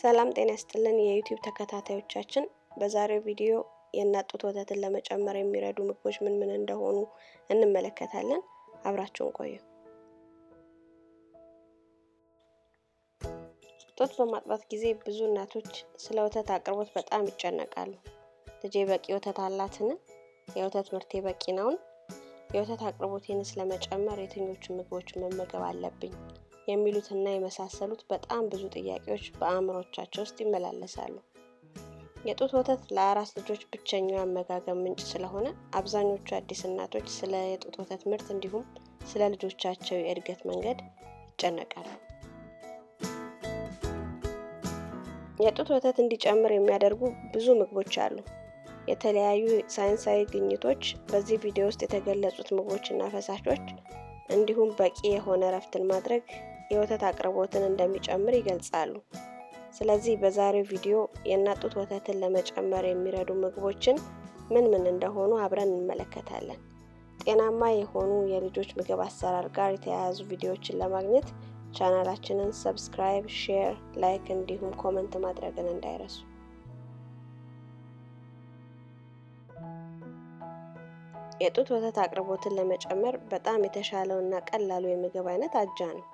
ሰላም ጤና ያስጥልን የዩቲዩብ ተከታታዮቻችን፣ በዛሬው ቪዲዮ የእናት ጡት ወተትን ለመጨመር የሚረዱ ምግቦች ምን ምን እንደሆኑ እንመለከታለን። አብራችሁን ቆዩ። ጡት በማጥባት ጊዜ ብዙ እናቶች ስለ ወተት አቅርቦት በጣም ይጨነቃሉ። ልጄ በቂ ወተት አላትን? የወተት ምርቴ በቂ ነውን? የወተት አቅርቦቴንስ ለመጨመር የትኞቹ ምግቦች መመገብ አለብኝ? የሚሉትና የመሳሰሉት በጣም ብዙ ጥያቄዎች በአእምሮቻቸው ውስጥ ይመላለሳሉ። የጡት ወተት ለአራስ ልጆች ብቸኛው አመጋገብ ምንጭ ስለሆነ አብዛኞቹ አዲስ እናቶች ስለ የጡት ወተት ምርት እንዲሁም ስለ ልጆቻቸው የእድገት መንገድ ይጨነቃሉ። የጡት ወተት እንዲጨምር የሚያደርጉ ብዙ ምግቦች አሉ። የተለያዩ ሳይንሳዊ ግኝቶች በዚህ ቪዲዮ ውስጥ የተገለጹት ምግቦችና ፈሳሾች እንዲሁም በቂ የሆነ እረፍትን ማድረግ የወተት አቅርቦትን እንደሚጨምር ይገልጻሉ። ስለዚህ በዛሬው ቪዲዮ የእናት ጡት ወተትን ለመጨመር የሚረዱ ምግቦችን ምን ምን እንደሆኑ አብረን እንመለከታለን። ጤናማ የሆኑ የልጆች ምግብ አሰራር ጋር የተያያዙ ቪዲዮዎችን ለማግኘት ቻናላችንን ሰብስክራይብ፣ ሼር፣ ላይክ እንዲሁም ኮመንት ማድረግን እንዳይረሱ። የጡት ወተት አቅርቦትን ለመጨመር በጣም የተሻለው እና ቀላሉ የምግብ አይነት አጃ ነው።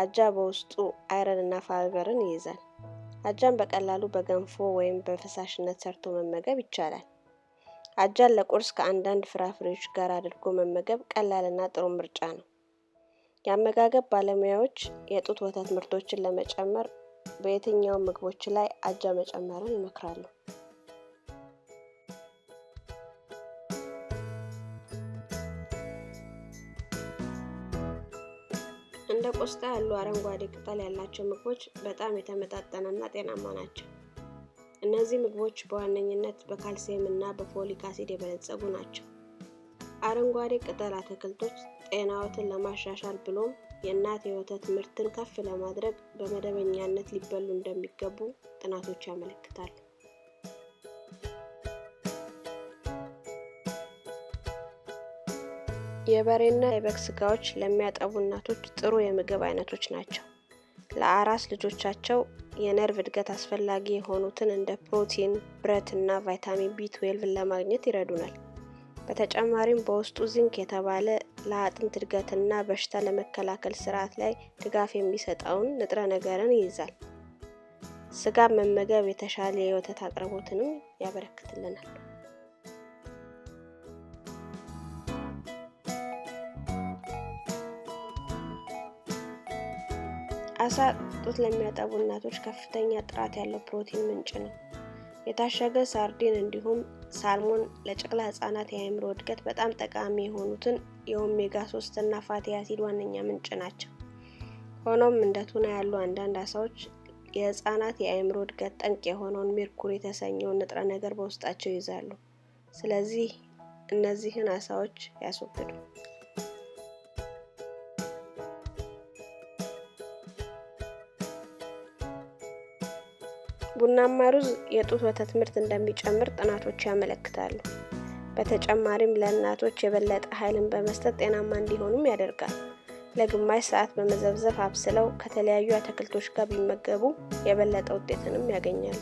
አጃ በውስጡ አይረንና ፋይበርን ይይዛል። አጃን በቀላሉ በገንፎ ወይም በፈሳሽነት ሰርቶ መመገብ ይቻላል። አጃን ለቁርስ ከአንዳንድ ፍራፍሬዎች ጋር አድርጎ መመገብ ቀላልና ጥሩ ምርጫ ነው። የአመጋገብ ባለሙያዎች የጡት ወተት ምርቶችን ለመጨመር በየትኛውም ምግቦች ላይ አጃ መጨመርን ይመክራሉ። ቆስጣ ያሉ አረንጓዴ ቅጠል ያላቸው ምግቦች በጣም የተመጣጠነና ጤናማ ናቸው። እነዚህ ምግቦች በዋነኝነት በካልሲየም እና በፎሊክ አሲድ የበለጸጉ ናቸው። አረንጓዴ ቅጠል አትክልቶች ጤናዎትን ለማሻሻል ብሎም የእናት የወተት ምርትን ከፍ ለማድረግ በመደበኛነት ሊበሉ እንደሚገቡ ጥናቶች ያመለክታሉ። የበሬና የበግ ስጋዎች ለሚያጠቡ እናቶች ጥሩ የምግብ አይነቶች ናቸው። ለአራስ ልጆቻቸው የነርቭ እድገት አስፈላጊ የሆኑትን እንደ ፕሮቲን፣ ብረት እና ቫይታሚን ቢ ትዌልቭ ለማግኘት ይረዱናል። በተጨማሪም በውስጡ ዚንክ የተባለ ለአጥንት እድገትና በሽታ ለመከላከል ስርዓት ላይ ድጋፍ የሚሰጠውን ንጥረ ነገርን ይይዛል። ስጋ መመገብ የተሻለ የወተት አቅርቦትንም ያበረክትልናል። አሳ ጡት ለሚያጠቡ እናቶች ከፍተኛ ጥራት ያለው ፕሮቲን ምንጭ ነው። የታሸገ ሳርዲን እንዲሁም ሳልሞን ለጨቅላ ህጻናት የአእምሮ እድገት በጣም ጠቃሚ የሆኑትን የኦሜጋ 3 እና ፋቲ አሲድ ዋነኛ ምንጭ ናቸው። ሆኖም እንደ ቱና ያሉ አንዳንድ አሳዎች የህጻናት የአእምሮ እድገት ጠንቅ የሆነውን ሜርኩሪ የተሰኘውን ንጥረ ነገር በውስጣቸው ይይዛሉ። ስለዚህ እነዚህን አሳዎች ያስወግዱ። ቡናማ ሩዝ የጡት ወተት ምርት እንደሚጨምር ጥናቶች ያመለክታሉ። በተጨማሪም ለእናቶች የበለጠ ኃይልን በመስጠት ጤናማ እንዲሆኑም ያደርጋል። ለግማሽ ሰዓት በመዘብዘፍ አብስለው ከተለያዩ አትክልቶች ጋር ቢመገቡ የበለጠ ውጤትንም ያገኛሉ።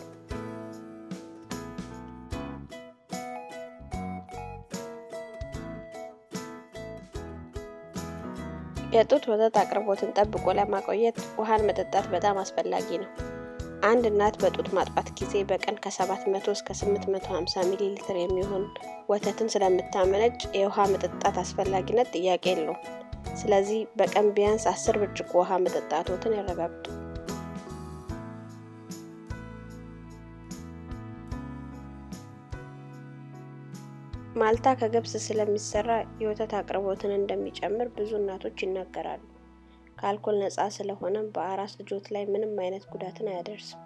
የጡት ወተት አቅርቦትን ጠብቆ ለማቆየት ውሃን መጠጣት በጣም አስፈላጊ ነው። አንድ እናት በጡት ማጥባት ጊዜ በቀን ከ700 እስከ 850 ሚሊ ሊትር የሚሆን ወተትን ስለምታመነጭ የውሃ መጠጣት አስፈላጊነት ጥያቄ የለውም። ስለዚህ በቀን ቢያንስ 10 ብርጭቆ ውሃ መጠጣቶትን ያረጋግጡ። ማልታ ከገብስ ስለሚሰራ የወተት አቅርቦትን እንደሚጨምር ብዙ እናቶች ይናገራሉ። ከአልኮል ነፃ ስለሆነም በአራስ ልጆት ላይ ምንም አይነት ጉዳትን አያደርስም።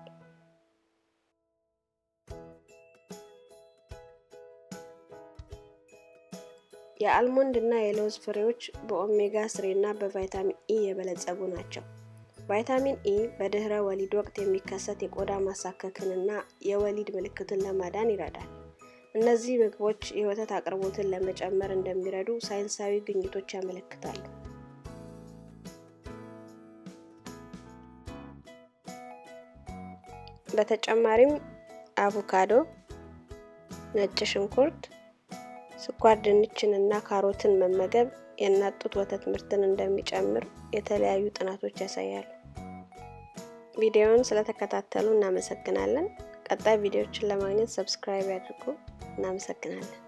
የአልሞንድ እና የለውዝ ፍሬዎች በኦሜጋ ስሪ እና በቫይታሚን ኢ የበለጸጉ ናቸው። ቫይታሚን ኢ በድህረ ወሊድ ወቅት የሚከሰት የቆዳ ማሳከክንና የወሊድ ምልክትን ለማዳን ይረዳል። እነዚህ ምግቦች የወተት አቅርቦትን ለመጨመር እንደሚረዱ ሳይንሳዊ ግኝቶች ያመለክታሉ። በተጨማሪም አቮካዶ፣ ነጭ ሽንኩርት፣ ስኳር ድንችን እና ካሮትን መመገብ የእናት ጡት ወተት ምርትን እንደሚጨምር የተለያዩ ጥናቶች ያሳያሉ። ቪዲዮውን ስለተከታተሉ እናመሰግናለን። ቀጣይ ቪዲዮዎችን ለማግኘት ሰብስክራይብ ያድርጉ። እናመሰግናለን።